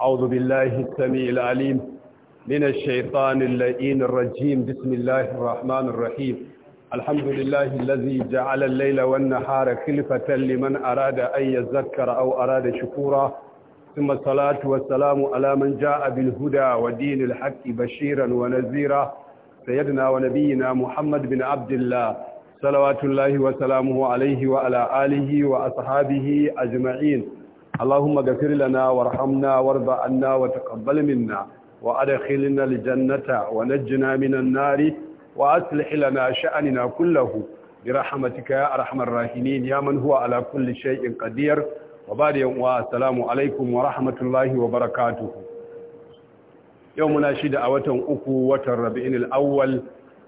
أعوذ بالله السميع العليم من الشيطان اللئين الرجيم بسم الله الرحمن الرحيم الحمد لله الذي جعل الليل والنهار خلفة لمن أراد أن يذكر أو أراد شكورا ثم الصلاة والسلام على من جاء بالهدى ودين الحق بشيرا ونذيرا سيدنا ونبينا محمد بن عبد الله صلوات الله وسلامه عليه وعلى آله وأصحابه أجمعين اللهم اغفر لنا وارحمنا وارض عنا وتقبل منا وادخلنا الجنة ونجنا من النار وأصلح لنا شأننا كله برحمتك يا أرحم الراحمين يا من هو على كل شيء قدير وبعد والسلام عليكم ورحمة الله وبركاته يومنا شد أوتن أكو وتر ربعين الأول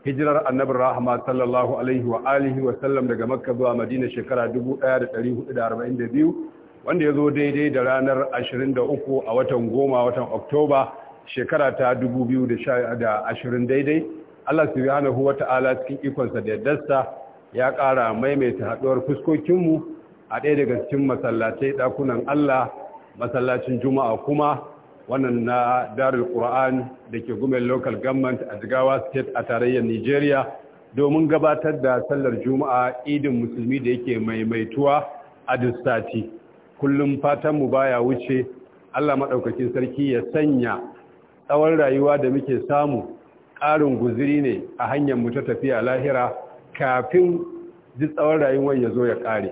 hijirar annabin rahama sallallahu alaihi wa alihi wa sallam daga makka zuwa madina shekara 1442 wanda ya zo daidai da ranar 23 a watan goma watan oktoba shekara ta 2020 daidai allah subhanahu wa ta'ala cikin ikonsa da yaddarsa ya kara maimaita haɗuwar fuskokinmu a ɗaya daga cikin masallatai ɗakunan allah masallacin juma'a kuma wannan na darul ƙura'an da ke gumen local government a jigawa state a tarayyar nigeria domin gabatar da sallar juma'a idin musulmi da yake maimaituwa a duk sati kullum fatan mu baya wuce Allah madaukakin sarki ya sanya tsawon rayuwa da muke samu ƙarin guziri ne a hanyar mu ta tafiya lahira kafin ji tsawon rayuwar ya zo ya ƙare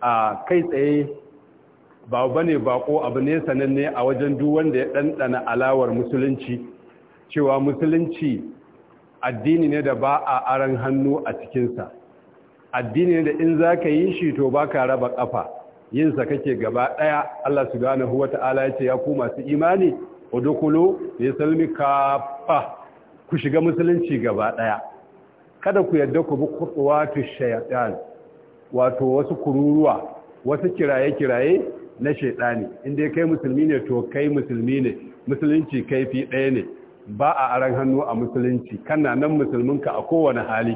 a kai tsaye ba bane bako abu ne sananne a wajen duk wanda ya ɗanɗana alawar musulunci cewa musulunci addini ne da ba a aran hannu a cikinsa addini ne da in za ka yi shi to baka raba ƙafa yin sa kake gaba daya Allah subhanahu wata'ala yace ya ku masu imani udkhulu fi salmi kafa ku shiga musulunci gaba daya kada ku yadda ku bi khutuwatu shaytan wato wasu kururuwa wasu kiraye kiraye na shaytani inda kai musulmi ne to kai musulmi ne musulunci kaifi ɗaya ne ba a aran hannu a musulunci kana nan musulminka a kowane hali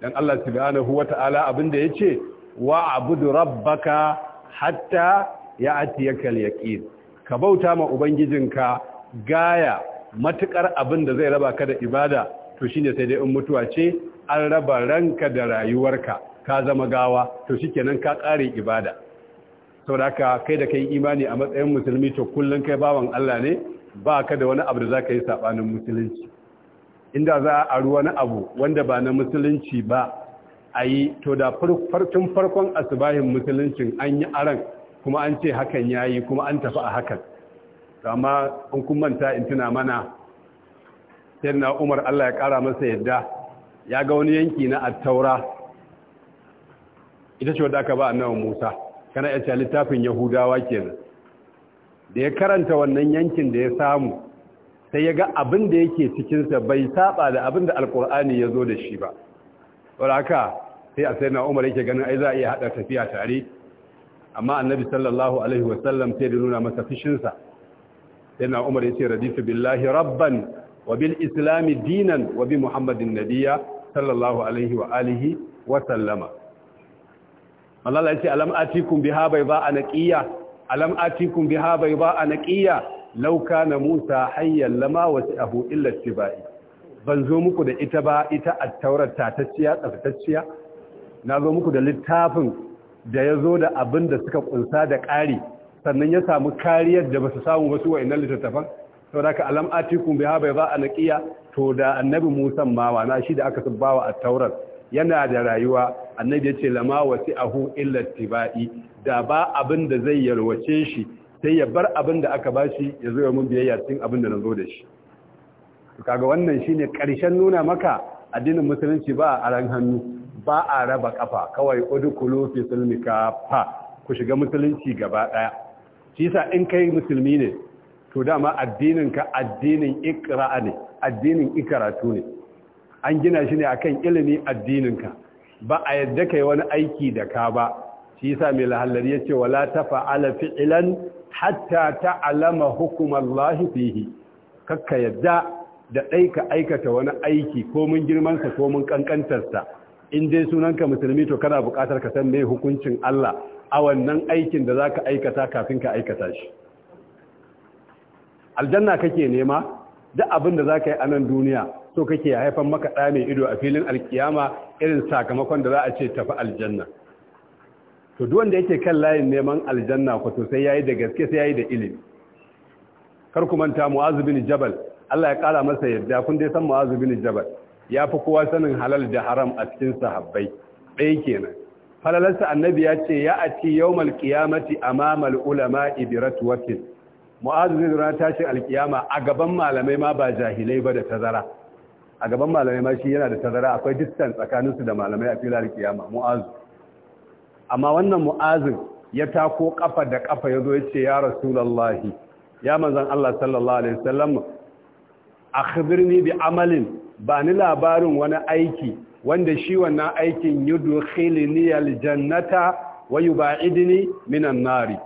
dan Allah subhanahu wata'ala abinda yace wa abudu rabbaka hatta ya atiyakal yaqin ka bauta ma ubangijinka gaya matukar abin da zai raba ka da ibada to shine sai dai in mutuwa ce an raba ranka da rayuwarka ka zama gawa to shikenan ka kare ibada saboda kai da kai imani a matsayin musulmi to kullum kai bawan Allah ne ba ka da wani abu da zaka yi saɓanin musulunci inda za a ruwa na abu wanda ba na musulunci ba a yi to da farkon farkon asibahin musuluncin an yi aran kuma an ce hakan ya yi kuma an tafi a hakan amma an kun in tuna mana sai na umar allah ya kara masa yadda ya ga wani yanki na attaura ita ce wadda aka ba nawa musa kana ya ce littafin yahudawa kenan da ya karanta wannan yankin da ya samu sai ya ga abin da yake cikinsa bai saba da abin da alkur'ani ya zo da shi ba waraka sai a sai na umar yake ganin ai za a iya haɗa tafiya tare amma annabi sallallahu alaihi wasallam sai da nuna masa fishinsa sai na umar yake raditu billahi rabban wa bil islami dinan wa bi muhammadin nabiya sallallahu alaihi wa alihi wa sallama Allah ya ce alam atikum biha bai ba anaqiya alam atikum biha bai ba anaqiya law kana musa hayyan lama wasi'ahu illa tibai ban zo muku da ita ba ita a taurar tatacciya tsaftatacciya na zo muku da littafin da ya zo da abin da suka kunsa da ƙari sannan ya samu kariyar da ba su samu wasu wa'annan littattafan sau da ka alam atikun bai haɓa ba a naƙiya to da annabi musa mawa na shi da aka bawa a taurar yana da rayuwa annabi ya ce lama wasi hu illa tibai da ba abin da zai yarwace shi sai ya bar abin da aka shi ya zo ya biyayya cikin abin da na zo da shi kaga wannan shine karshen nuna maka addinin musulunci ba a ran hannu ba a raba kafa kawai udkhulu fi silmika fa ku shiga musulunci gaba daya shi yasa in kai musulmi ne to dama addinin ka addinin ikra'a ne addinin ikaratu ne an gina shi ne akan ilimi addinin ka ba a yadda yi wani aiki da ka ba shi yasa mai lahallari yace wala tafa'ala fi'lan hatta ta'lama hukmallahi fihi kakka yadda da ɗai ka aikata wani aiki ko mun girmansa ko mun ƙanƙantarsa in dai sunanka musulmi to kana buƙatar ka san mai hukuncin Allah a wannan aikin da za ka aikata kafin ka aikata shi aljanna kake nema duk abin da za ka yi a nan duniya so kake haifan maka ɗa mai ido a filin alkiyama irin sakamakon da za a ce tafi aljanna to duk wanda yake kan layin neman aljanna ku to sai yayi da gaske sai yayi da ilimi kar ku manta mu'az jabal Allah ya kara masa yadda kun dai san Mu'adh bin Jabal ya fi kowa sanin halal da haram a cikin sahabbai ɗaya kenan falalarsa annabi ya ce ya ati yawmal qiyamati amama al ulama ibrat wakil Mu'adh bin Jabal tashi alkiyama a gaban malamai ma ba jahilai ba da tazara a gaban malamai ma shi yana da tazara akwai distance tsakaninsu da malamai a filin alkiyama Mu'adh amma wannan Mu'adh ya tako kafa da kafa yazo ya ce ya rasulullahi ya manzon Allah sallallahu alaihi wasallam akhbirni bi amalin ba ni labarin wani aiki wanda shi wannan aikin yudkhilni aljannata wa yubaidni minan nari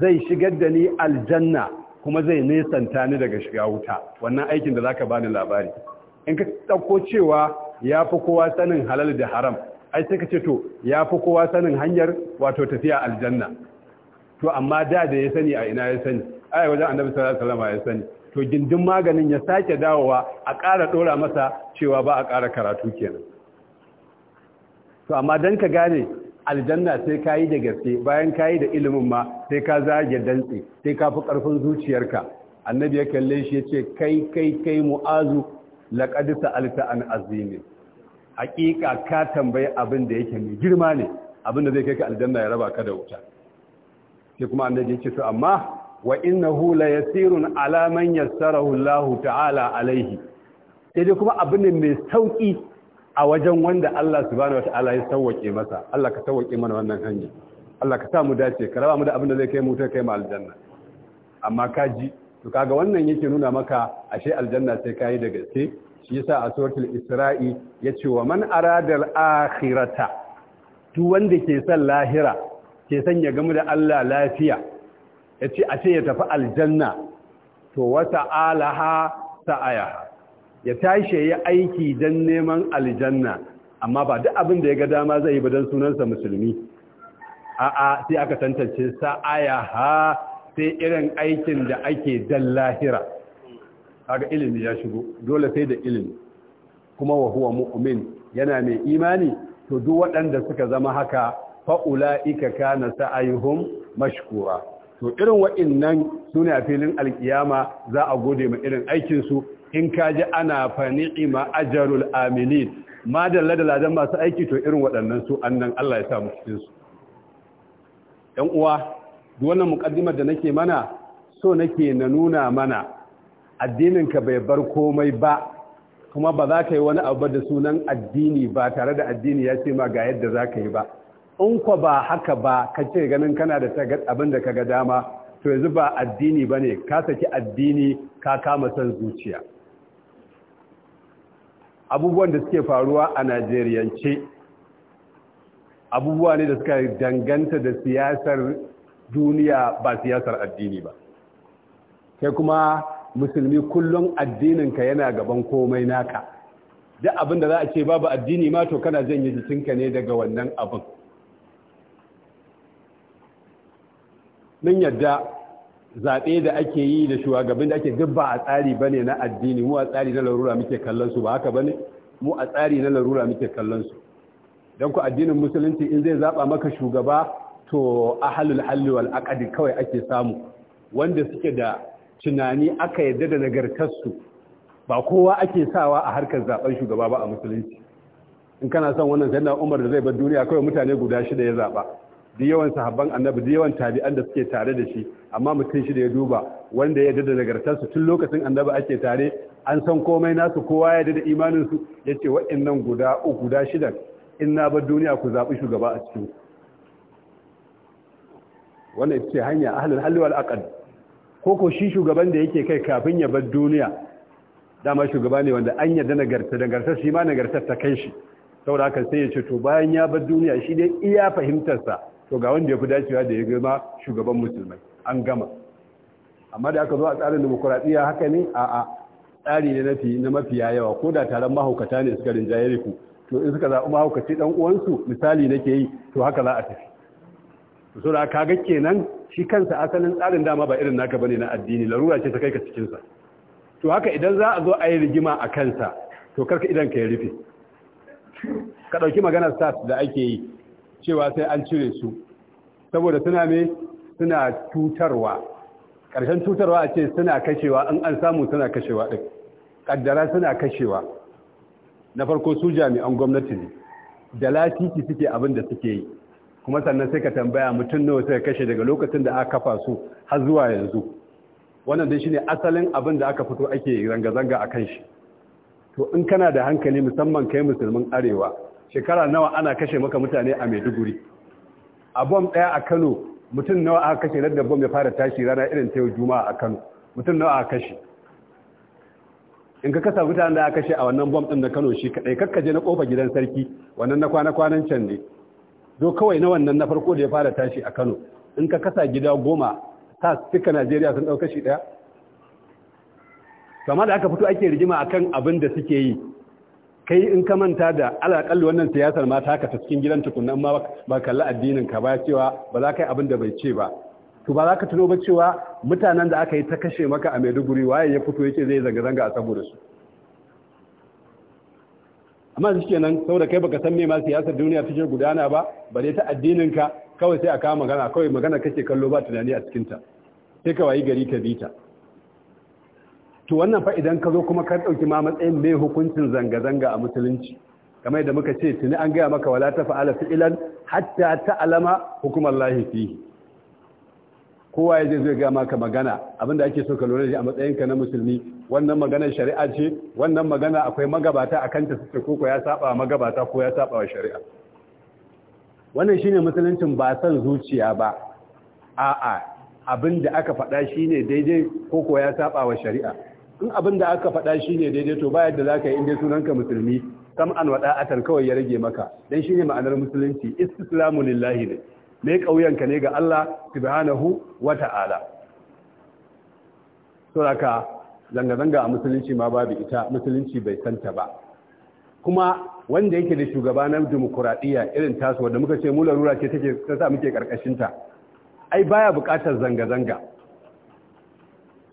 zai shigar da ni aljanna kuma zai nesanta ni daga shiga wuta wannan aikin da zaka bani labari in ka dauko cewa yafi kowa sanin halal da haram ai sai ka ce to yafi kowa sanin hanyar wato tafiya aljanna to amma da da ya sani a ina ya sani a wajen annabi sallallahu alaihi wasallam ya sani to gindin maganin ya sake dawowa a ƙara dora masa cewa ba a ƙara karatu kenan to amma dan ka gane aljanna sai ka da gaske bayan ka da ilimin ma sai ka zage dantse sai ka fi ƙarfin zuciyarka annabi ya kalle shi ya ce kai kai kai mu'azu laqad sa'alta an azimi haƙiƙa ka tambayi abin da yake mai girma ne abin da zai kai ka aljanna ya raba ka da wuta sai kuma annabi ya ce to amma wa innahu la yasirun ala man yassarahu Allahu ta'ala alaihi sai dai kuma abin ne mai sauki a wajen wanda Allah subhanahu wata'ala ya sauke masa Allah ka sauke mana wannan hanya Allah ka sa mu dace ka raba mu da abin da zai kai mu ta kai mu aljanna amma ka ji to kaga wannan yake nuna maka ashe aljanna sai kai da gaske shi yasa a suratul isra'i yace wa man arada al-akhirata duk wanda ke son lahira ke son ya gamu da Allah lafiya ya ce a ce ya tafi aljanna to wata alaha ayaha. ya tashi ya aiki don neman aljanna amma ba duk abin da ya ga dama zai yi ba don sunansa musulmi a'a sai aka tantance sa ayaha sai irin aikin da ake dan lahira kaga ilimi ya shigo dole sai da ilimi kuma wa huwa mu'min yana mai imani to duk waɗanda suka zama haka fa'ula'ika kana sa'ayuhum mashkura to irin waɗannan sune a filin alkiyama za a gode ma irin aikinsu in ka ji ana fani'i ma ajarul ma da ladan masu aiki to irin waɗannan su annan Allah ya sa mu cikin su uwa duk wannan muƙaddimar da nake mana so nake na nuna mana addinin ka bai bar komai ba kuma ba za ka yi wani abu da sunan addini ba tare da addini ya ce ma ga yadda za ka yi ba in kwa ba haka ba ka ce ganin kana da abin da ka ga dama to yanzu ba addini ba ne ka saki addini ka kama son zuciya abubuwan da suke faruwa a najeriyance abubuwa ne da suka danganta da siyasar duniya ba siyasar addini ba sai kuma musulmi kullum addininka yana gaban komai naka duk abin da za a ce babu addini ma to kana janye jikinka ne daga wannan abin mun yadda zaɓe da ake yi da shugaban da ake dubba a tsari ba ne na addini mu a tsari na larura muke kallon su ba haka ba ne mu a tsari na larura muke kallon su don ku addinin musulunci in zai zaɓa maka shugaba to a halli wal aqdi kawai ake samu wanda suke da tunani aka yadda da nagartarsu ba kowa ake sawa a harkar zaɓen shugaba ba a musulunci in kana son wannan na Umar da zai bar duniya kawai mutane guda shida ya zaɓa. da yawan sahabban annabi da yawan tabi'an da suke tare da shi amma mutum shi da ya duba wanda ya dada nagartarsu tun lokacin annabi ake tare an san komai nasu kowa ya dada imaninsu ya ce wa'annan guda uku guda shida in na bar duniya ku zaɓi shugaba a cikin wannan ita ce hanya ahlul halli wal aqd ko ko shi shugaban da yake kai kafin ya bar duniya dama shugaba ne wanda an yarda nagarta nagartar shi ma nagartar ta kai shi saboda haka sai ya ce to bayan ya bar duniya shi dai iya fahimtarsa to ga wanda ya fi dacewa da ya girma shugaban musulmai an gama amma da aka zo a tsarin demokuraɗiyya haka ne a tsari ne na mafiya yawa ko da taron mahaukata ne suka rinjaye riku to in suka zaɓi mahaukaci ɗan uwansu misali nake yi to haka za a tafi so da kaga kenan shi kansa asalin tsarin dama ba irin naka bane na addini larura ce ta kai ka cikin sa to haka idan za a zo a yi rigima a kansa to karka idan ka ya rufe ka ɗauki magana sat da ake yi cewa sai an cire su saboda suna me suna cutarwa ƙarshen cutarwa a ce suna kashewa in an samu suna kashewa ɗin ƙaddara suna kashewa na farko su jami'an gwamnati ne da latiki suke abin da suke yi kuma sannan sai ka tambaya mutum nawa sai kashe daga lokacin da aka kafa su har zuwa yanzu wannan dai shine asalin abin da aka fito ake zanga-zanga a kan shi to in kana da hankali musamman kai musulmin arewa shekara nawa ana kashe maka mutane a maiduguri a bom ɗaya a kano mutum nawa aka kashe da bom ya fara tashi rana irin ta yau juma'a a kano mutum nawa aka kashe in ka kasa mutane da aka kashe a wannan bom ɗin na kano shi kaɗai kakkaje na ƙofa gidan sarki wannan na kwana-kwanan can ne do kawai na wannan na farko da ya fara tashi a kano in ka kasa gida goma ta suka najeriya sun ɗauka shi ɗaya Kamar da aka fito ake rigima akan abin da suke yi kai in ka manta da alaƙalli wannan siyasar mata ka ta cikin gidan tukunan ma ba kalli addinin ka ba cewa ba za ka yi abin da bai ce ba to ba za ka tuno ba cewa mutanen da aka yi ta kashe maka a maiduguri waye ya fito yake zai zanga-zanga a saboda su amma shi kenan saboda kai baka san me ma siyasar duniya take gudana ba bare ta addinin ka kawai sai a kawo magana kawai magana kake kallo ba tunani a cikinta sai ka wayi gari ka bita to wannan fa idan ka zo kuma ka ɗauki ma matsayin mai hukuncin zanga-zanga a musulunci kamar yadda muka ce tuni an gaya maka wala ta fa'ala fi'ilan hatta ta alama hukumar lahi fi kowa ya je zai gaya maka magana abinda ake so ka lura da a matsayinka na musulmi wannan maganar shari'a ce wannan magana akwai magabata a kanta su ko ya saba magabata ko ya saba wa shari'a wannan shine musuluncin ba san zuciya ba a'a abin da aka faɗa shine daidai ko ko ya saba wa shari'a in abin da aka faɗa shi ne daidai to bayan da za ka yi inda sunanka musulmi kam an waɗa tan kawai ya rage maka don shi ne ma'anar musulunci islamu lillahi ne ne ƙauyenka ne ga Allah subhanahu wa ta'ala suraka zanga-zanga a musulunci ma babu ita musulunci bai santa ba kuma wanda yake da shugaba na dimokuraɗiyya irin tasu wadda muka ce mu larura ce take ta sa muke ƙarƙashinta ai baya buƙatar zanga-zanga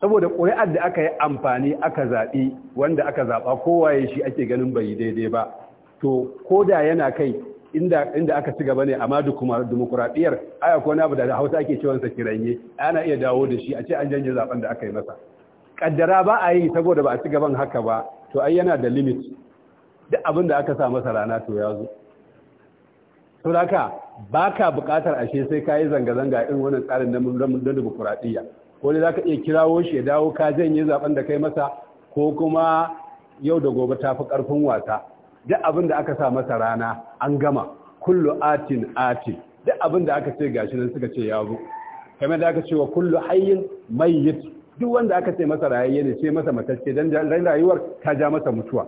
saboda ƙuri'ar da aka yi amfani aka zaɓi wanda aka zaɓa kowaye shi ake ganin bai daidai ba to ko da yana kai inda aka ci gaba ne amma kuma demokuraɗiyar aya ko na da hausa ake cewa sa kiranye ana iya dawo da shi a ce an janye zaɓen da aka yi masa Ƙaddara ba a yi saboda ba a ci gaban haka ba to ai yana da limit duk abin da aka sa masa rana to ya zo saboda haka baka buƙatar ashe sai ka yi zanga-zanga irin wannan tsarin na dimokuraɗiyya ko za ka iya kirawo shi ya dawo ka zan yi zaben da kai masa ko kuma yau da gobe ta fi ƙarfin wasa duk abin da aka sa masa rana an gama kullu atin atin duk abin da aka ce gashi nan suka ce ya zo kamar da aka ce wa kullu hayyin mayyit duk wanda aka ce masa rayayye ne ce masa matacce dan rayuwar ta ja masa mutuwa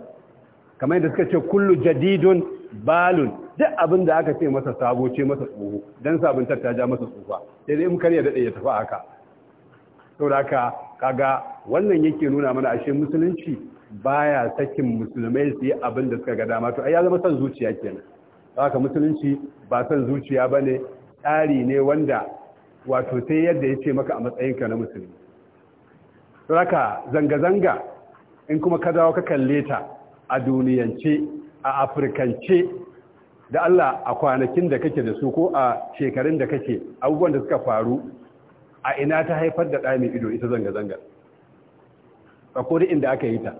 kamar da suka ce kullu jadidun balun duk abin da aka ce masa sabo ce masa tsoho dan sabuntar ta ja masa tsufa sai dai in kar da dade ya tafi haka saboda haka kaga wannan yake nuna mana ashe musulunci baya sakin musulmai su yi abin da suka ga dama to ya zama son zuciya kenan haka musulunci ba san zuciya ba ne, tsari ne wanda wato sai yadda ya ce maka a matsayin ka na musulmi raka zanga-zanga in kuma ka dawo ka kalle ta a duniyance a afirkance da Allah a kwanakin da kake da su ko a shekarun da kake abubuwan da suka faru a ina ta haifar da ɗa mai ido ita zanga-zangar tsakori inda aka yi ta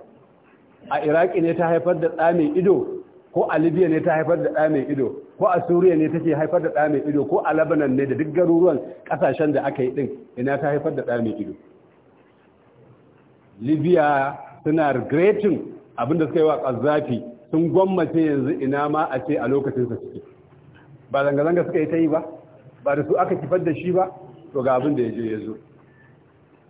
a iraki ne ta haifar da ɗa mai ido ko a libya ne ta haifar da ɗa mai ido ko a suriya ne take haifar da ɗa mai ido ko a labanan ne da duk garuruwan ƙasashen da aka yi ɗin ina ta haifar da ɗa mai ido libya suna regretin abinda suka yi wa ƙazafi sun gwammace yanzu ina ma a ce a lokacinsa ciki ba zanga-zanga suka yi ta yi ba ba da su aka kifar da shi ba to ga abin da ya je ya zo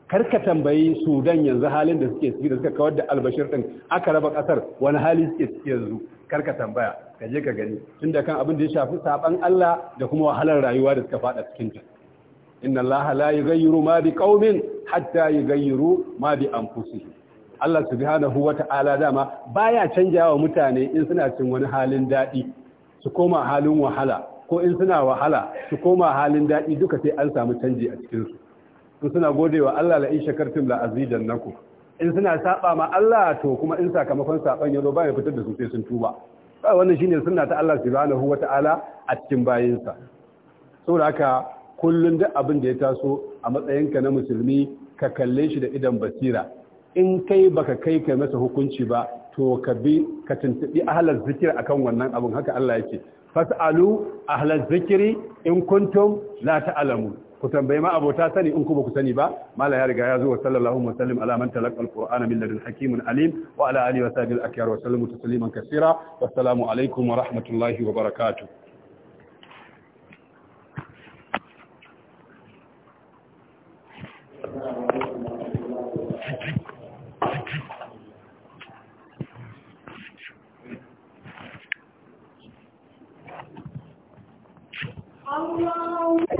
karka tambayi sudan yanzu halin da suke ciki da suka kawar da albashir din aka raba kasar wani hali suke ciki yanzu karka tambaya ka je ka gani tunda kan abin da ya shafi saban Allah da kuma wahalar rayuwa da suka fada cikin ta inna Allah la yughayyiru ma bi qaumin hatta yughayyiru ma bi anfusihim Allah subhanahu wata'ala dama baya canja wa mutane in suna cikin wani halin dadi su koma halin wahala ko in suna wahala su koma halin daɗi duka sai an samu canji a cikinsu in suna gode wa Allah la'in shakartum la azidan naku in suna saba ma Allah to kuma in sakamakon saban yaro ba ya fitar da su sai sun tuba ba wannan shine suna ta Allah subhanahu wata'ala a cikin bayinsa saboda haka kullum da abin da ya taso a matsayinka na musulmi ka kalle shi da idan basira in kai baka kai kai masa hukunci ba to ka bi ka tuntubi ahalar zikir akan wannan abin haka Allah yake fas'alu ahlaz zikri in kuntum la ta'lamun ku tambayi ma abota sani in ku ba ku sani ba mala ya riga ya zo wa sallallahu alaihi wasallam ala man talaqa alqur'ana min ladun hakimun alim wa ala alihi wa sahbihi al-akyar wa sallamu tasliman alaikum wa rahmatullahi wa barakatuh الله